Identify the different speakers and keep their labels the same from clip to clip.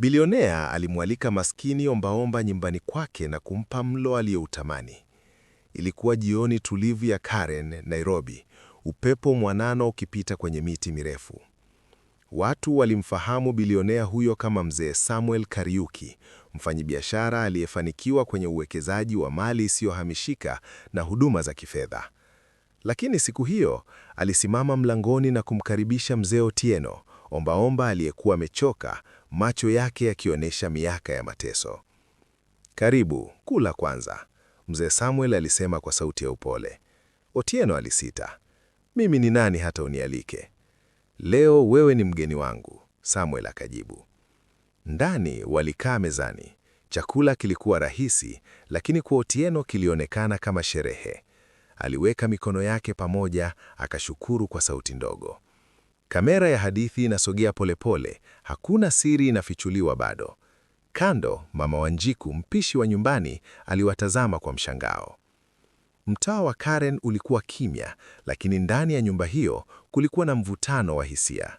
Speaker 1: Bilionea alimwalika maskini ombaomba nyumbani kwake na kumpa mlo aliyoutamani. Ilikuwa jioni tulivu ya Karen, Nairobi, upepo mwanano ukipita kwenye miti mirefu. Watu walimfahamu bilionea huyo kama Mzee Samuel Kariuki, mfanyabiashara aliyefanikiwa kwenye uwekezaji wa mali isiyohamishika na huduma za kifedha. Lakini siku hiyo alisimama mlangoni na kumkaribisha Mzee Otieno, ombaomba aliyekuwa amechoka macho yake yakionyesha miaka ya mateso. Karibu, kula kwanza, mzee Samuel alisema kwa sauti ya upole. Otieno alisita. Mimi ni nani hata unialike? Leo wewe ni mgeni wangu, Samuel akajibu. Ndani walikaa mezani. Chakula kilikuwa rahisi, lakini kwa Otieno kilionekana kama sherehe. Aliweka mikono yake pamoja, akashukuru kwa sauti ndogo. Kamera ya hadithi inasogea polepole, hakuna siri inafichuliwa bado. Kando, mama Wanjiku, mpishi wa nyumbani, aliwatazama kwa mshangao. Mtaa wa Karen ulikuwa kimya, lakini ndani ya nyumba hiyo kulikuwa na mvutano wa hisia.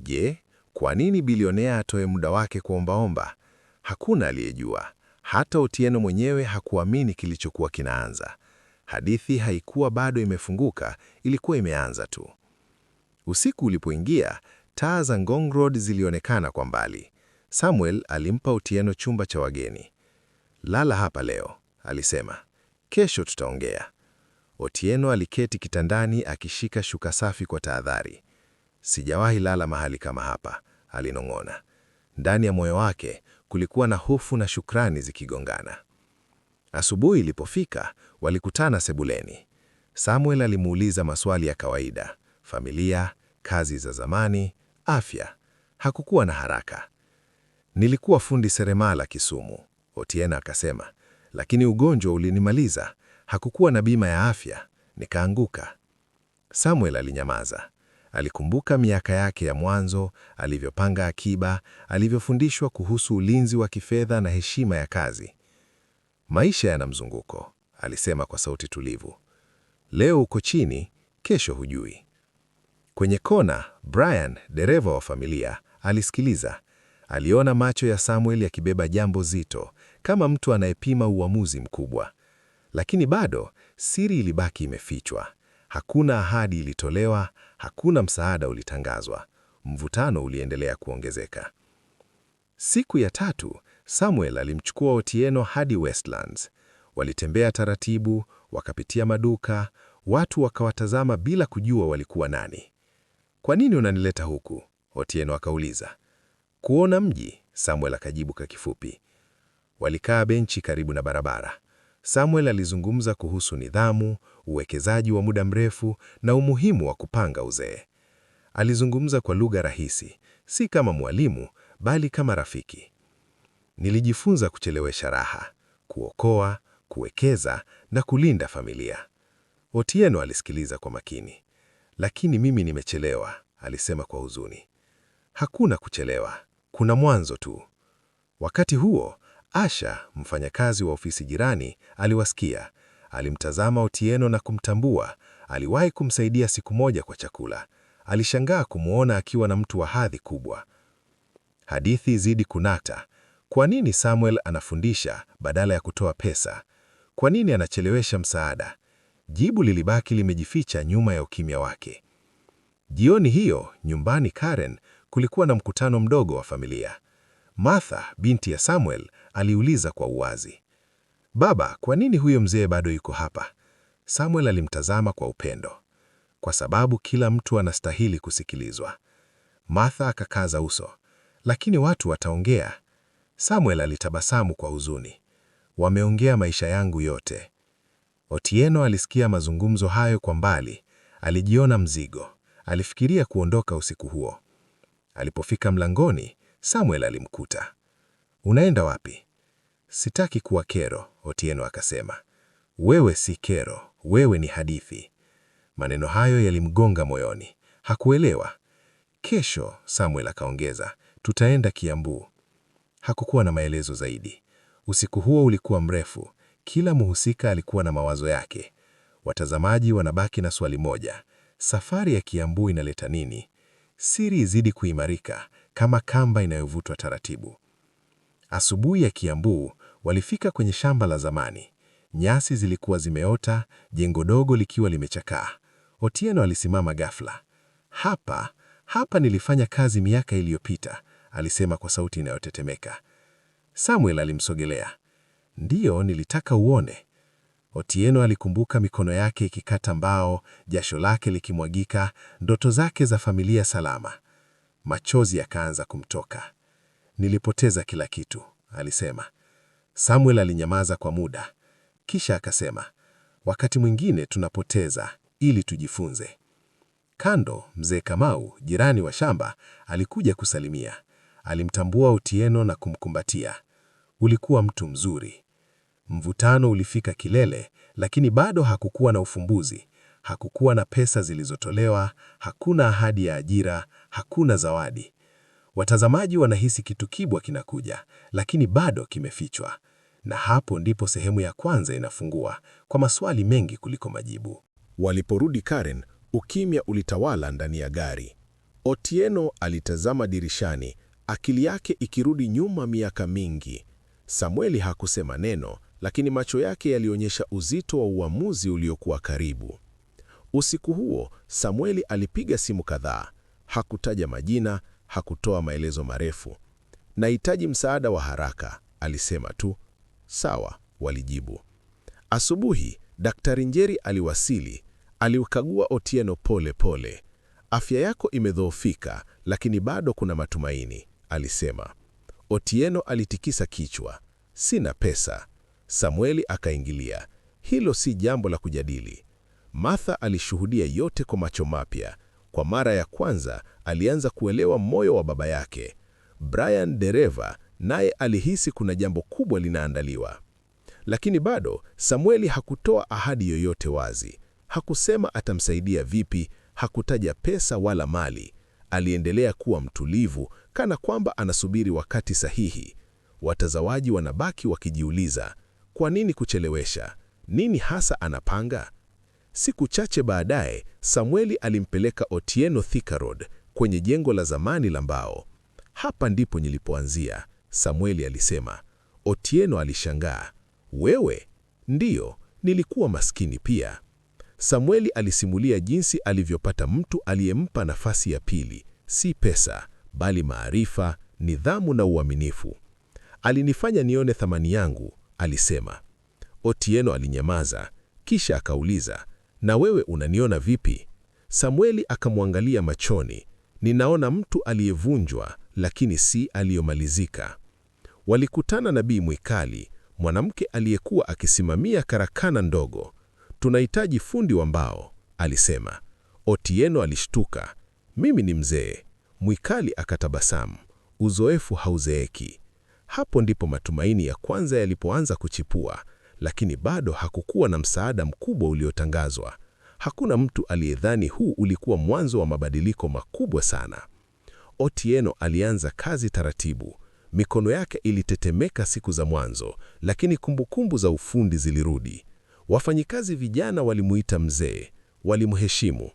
Speaker 1: Je, kwa nini bilionea atoe muda wake kuombaomba? Hakuna aliyejua. Hata Otieno mwenyewe hakuamini kilichokuwa kinaanza. Hadithi haikuwa bado imefunguka, ilikuwa imeanza tu. Usiku ulipoingia, taa za Ngong Road zilionekana kwa mbali. Samuel alimpa Otieno chumba cha wageni. Lala hapa leo, alisema. Kesho tutaongea. Otieno aliketi kitandani akishika shuka safi kwa tahadhari. Sijawahi lala mahali kama hapa, alinong'ona. Ndani ya moyo wake kulikuwa na hofu na shukrani zikigongana. Asubuhi ilipofika, walikutana sebuleni. Samuel alimuuliza maswali ya kawaida: familia, kazi za zamani, afya. Hakukuwa na haraka. Nilikuwa fundi seremala Kisumu, Otiena akasema, lakini ugonjwa ulinimaliza. Hakukuwa na bima ya afya, nikaanguka. Samuel alinyamaza. Alikumbuka miaka yake ya mwanzo, alivyopanga akiba, alivyofundishwa kuhusu ulinzi wa kifedha na heshima ya kazi. Maisha yana mzunguko, alisema kwa sauti tulivu. Leo uko chini, kesho hujui. Kwenye kona, Brian, dereva wa familia, alisikiliza. Aliona macho ya Samuel yakibeba jambo zito, kama mtu anayepima uamuzi mkubwa. Lakini bado siri ilibaki imefichwa. Hakuna ahadi ilitolewa, hakuna msaada ulitangazwa. Mvutano uliendelea kuongezeka. Siku ya tatu, Samuel alimchukua Otieno hadi Westlands. Walitembea taratibu, wakapitia maduka, watu wakawatazama bila kujua walikuwa nani. Kwa nini unanileta huku? Otieno akauliza. Kuona mji, Samuel akajibu kwa kifupi. Walikaa benchi karibu na barabara. Samuel alizungumza kuhusu nidhamu, uwekezaji wa muda mrefu na umuhimu wa kupanga uzee. Alizungumza kwa lugha rahisi, si kama mwalimu, bali kama rafiki. Nilijifunza kuchelewesha raha, kuokoa, kuwekeza na kulinda familia. Otieno alisikiliza kwa makini lakini mimi nimechelewa, alisema kwa huzuni. Hakuna kuchelewa, kuna mwanzo tu. Wakati huo Asha, mfanyakazi wa ofisi jirani, aliwasikia. Alimtazama Otieno na kumtambua. Aliwahi kumsaidia siku moja kwa chakula. Alishangaa kumwona akiwa na mtu wa hadhi kubwa. Hadithi zidi kunata. Kwa nini Samuel anafundisha badala ya kutoa pesa? Kwa nini anachelewesha msaada? jibu lilibaki limejificha nyuma ya ukimya wake. Jioni hiyo nyumbani Karen kulikuwa na mkutano mdogo wa familia. Martha, binti ya Samuel, aliuliza kwa uwazi, baba, kwa nini huyo mzee bado yuko hapa? Samuel alimtazama kwa upendo. Kwa sababu kila mtu anastahili kusikilizwa. Martha akakaza uso, lakini watu wataongea. Samuel alitabasamu kwa huzuni, wameongea maisha yangu yote. Otieno alisikia mazungumzo hayo kwa mbali, alijiona mzigo, alifikiria kuondoka usiku huo. Alipofika mlangoni, Samuel alimkuta. Unaenda wapi? Sitaki kuwa kero, Otieno akasema. Wewe si kero, wewe ni hadithi. Maneno hayo yalimgonga moyoni, hakuelewa. Kesho, Samuel akaongeza, tutaenda Kiambu. Hakukuwa na maelezo zaidi. Usiku huo ulikuwa mrefu, kila muhusika alikuwa na mawazo yake. Watazamaji wanabaki na swali moja: safari ya Kiambu inaleta nini? Siri izidi kuimarika kama kamba inayovutwa taratibu. Asubuhi ya Kiambu walifika kwenye shamba la zamani. Nyasi zilikuwa zimeota, jengo dogo likiwa limechakaa. Otieno alisimama ghafla. Hapa hapa nilifanya kazi miaka iliyopita, alisema kwa sauti inayotetemeka. Samuel alimsogelea. Ndiyo, nilitaka uone. Otieno alikumbuka mikono yake ikikata mbao, jasho lake likimwagika, ndoto zake za familia salama. Machozi yakaanza kumtoka. Nilipoteza kila kitu, alisema. Samuel alinyamaza kwa muda, kisha akasema, wakati mwingine tunapoteza ili tujifunze. Kando, mzee Kamau, jirani wa shamba, alikuja kusalimia. Alimtambua Otieno na kumkumbatia. Ulikuwa mtu mzuri, Mvutano ulifika kilele, lakini bado hakukuwa na ufumbuzi. Hakukuwa na pesa zilizotolewa, hakuna ahadi ya ajira, hakuna zawadi. Watazamaji wanahisi kitu kibwa kinakuja, lakini bado kimefichwa. Na hapo ndipo sehemu ya kwanza inafungua kwa maswali mengi kuliko majibu. Waliporudi Karen, ukimya ulitawala ndani ya gari. Otieno alitazama dirishani, akili yake ikirudi nyuma miaka mingi. Samueli hakusema neno, lakini macho yake yalionyesha uzito wa uamuzi uliokuwa karibu. Usiku huo Samueli alipiga simu kadhaa. Hakutaja majina, hakutoa maelezo marefu. Nahitaji msaada wa haraka, alisema tu. Sawa, walijibu. Asubuhi Daktari Njeri aliwasili. Aliukagua Otieno pole pole. Afya yako imedhoofika, lakini bado kuna matumaini, alisema. Otieno alitikisa kichwa. Sina pesa, Samueli akaingilia. Hilo si jambo la kujadili. Martha alishuhudia yote kwa macho mapya. Kwa mara ya kwanza alianza kuelewa moyo wa baba yake. Brian dereva naye alihisi kuna jambo kubwa linaandaliwa. Lakini bado Samueli hakutoa ahadi yoyote wazi. Hakusema atamsaidia vipi, hakutaja pesa wala mali. Aliendelea kuwa mtulivu kana kwamba anasubiri wakati sahihi. Watazawaji wanabaki wakijiuliza, kwa nini kuchelewesha? Nini hasa anapanga? Siku chache baadaye, Samueli alimpeleka Otieno Thika Road kwenye jengo la zamani la mbao. Hapa ndipo nilipoanzia, Samueli alisema. Otieno alishangaa. Wewe? Ndiyo, nilikuwa maskini pia. Samueli alisimulia jinsi alivyopata mtu aliyempa nafasi ya pili, si pesa, bali maarifa, nidhamu na uaminifu. Alinifanya nione thamani yangu, alisema. Otieno alinyamaza, kisha akauliza, na wewe unaniona vipi? Samueli akamwangalia machoni, ninaona mtu aliyevunjwa lakini si aliyomalizika. Walikutana na Mwikali, mwanamke aliyekuwa akisimamia karakana ndogo. Tunahitaji fundi wa mbao, alisema. Otieno alishtuka. Mimi ni mzee. Mwikali akatabasamu. Uzoefu hauzeeki. Hapo ndipo matumaini ya kwanza yalipoanza kuchipua, lakini bado hakukuwa na msaada mkubwa uliotangazwa. Hakuna mtu aliyedhani huu ulikuwa mwanzo wa mabadiliko makubwa sana. Otieno alianza kazi taratibu. Mikono yake ilitetemeka siku za mwanzo, lakini kumbukumbu za ufundi zilirudi. Wafanyikazi vijana walimuita mzee, walimheshimu.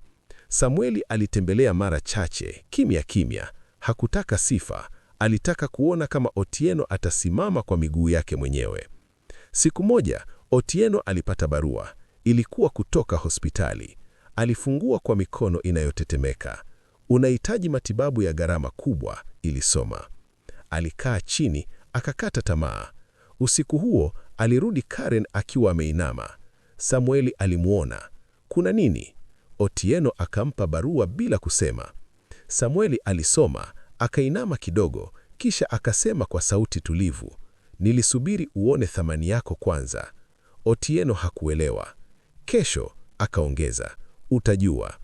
Speaker 1: Samueli alitembelea mara chache, kimya kimya, hakutaka sifa, Alitaka kuona kama Otieno atasimama kwa miguu yake mwenyewe. Siku moja Otieno alipata barua. Ilikuwa kutoka hospitali. Alifungua kwa mikono inayotetemeka. Unahitaji matibabu ya gharama kubwa, ilisoma. Alikaa chini akakata tamaa. Usiku huo alirudi Karen akiwa ameinama. Samueli alimwona. Kuna nini? Otieno akampa barua bila kusema. Samueli alisoma Akainama kidogo, kisha akasema kwa sauti tulivu, nilisubiri uone thamani yako kwanza. Otieno hakuelewa. Kesho, akaongeza, utajua.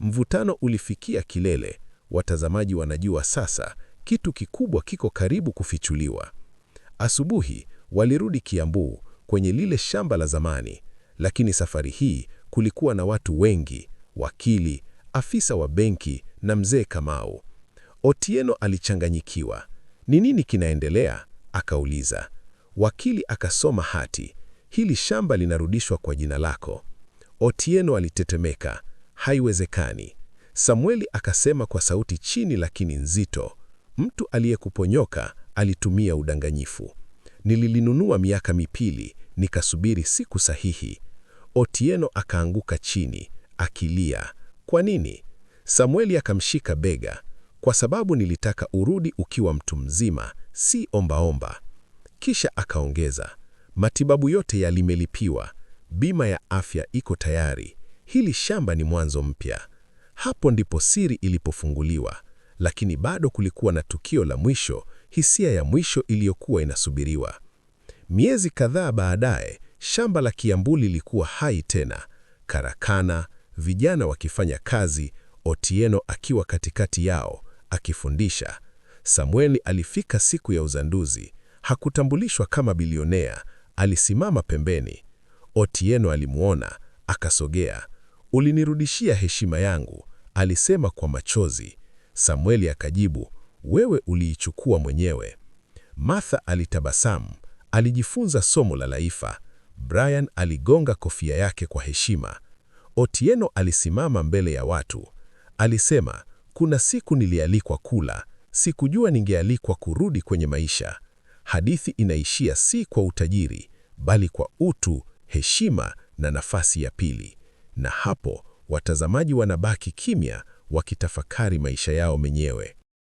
Speaker 1: Mvutano ulifikia kilele. Watazamaji wanajua sasa kitu kikubwa kiko karibu kufichuliwa. Asubuhi walirudi Kiambu kwenye lile shamba la zamani, lakini safari hii kulikuwa na watu wengi: wakili, afisa wa benki na mzee Kamau. Otieno alichanganyikiwa. Ni nini kinaendelea? akauliza. Wakili akasoma hati. Hili shamba linarudishwa kwa jina lako. Otieno alitetemeka. Haiwezekani. Samueli akasema kwa sauti chini lakini nzito, mtu aliyekuponyoka alitumia udanganyifu. Nililinunua miaka mipili, nikasubiri siku sahihi. Otieno akaanguka chini akilia. Kwa nini? Samueli akamshika bega kwa sababu nilitaka urudi ukiwa mtu mzima, si ombaomba omba. Kisha akaongeza, matibabu yote yalimelipiwa, bima ya afya iko tayari, hili shamba ni mwanzo mpya. Hapo ndipo siri ilipofunguliwa, lakini bado kulikuwa na tukio la mwisho, hisia ya mwisho iliyokuwa inasubiriwa. Miezi kadhaa baadaye, shamba la Kiambu lilikuwa hai tena, karakana, vijana wakifanya kazi, Otieno akiwa katikati yao, akifundisha. Samueli alifika siku ya uzanduzi, hakutambulishwa kama bilionea, alisimama pembeni. Otieno alimwona akasogea. Ulinirudishia heshima yangu, alisema kwa machozi. Samueli akajibu, wewe uliichukua mwenyewe. Martha alitabasamu, alijifunza somo la laifa. Brian aligonga kofia yake kwa heshima. Otieno alisimama mbele ya watu, alisema kuna siku nilialikwa kula, sikujua ningealikwa kurudi kwenye maisha. Hadithi inaishia si kwa utajiri, bali kwa utu, heshima na nafasi ya pili. Na hapo watazamaji wanabaki kimya, wakitafakari maisha yao menyewe.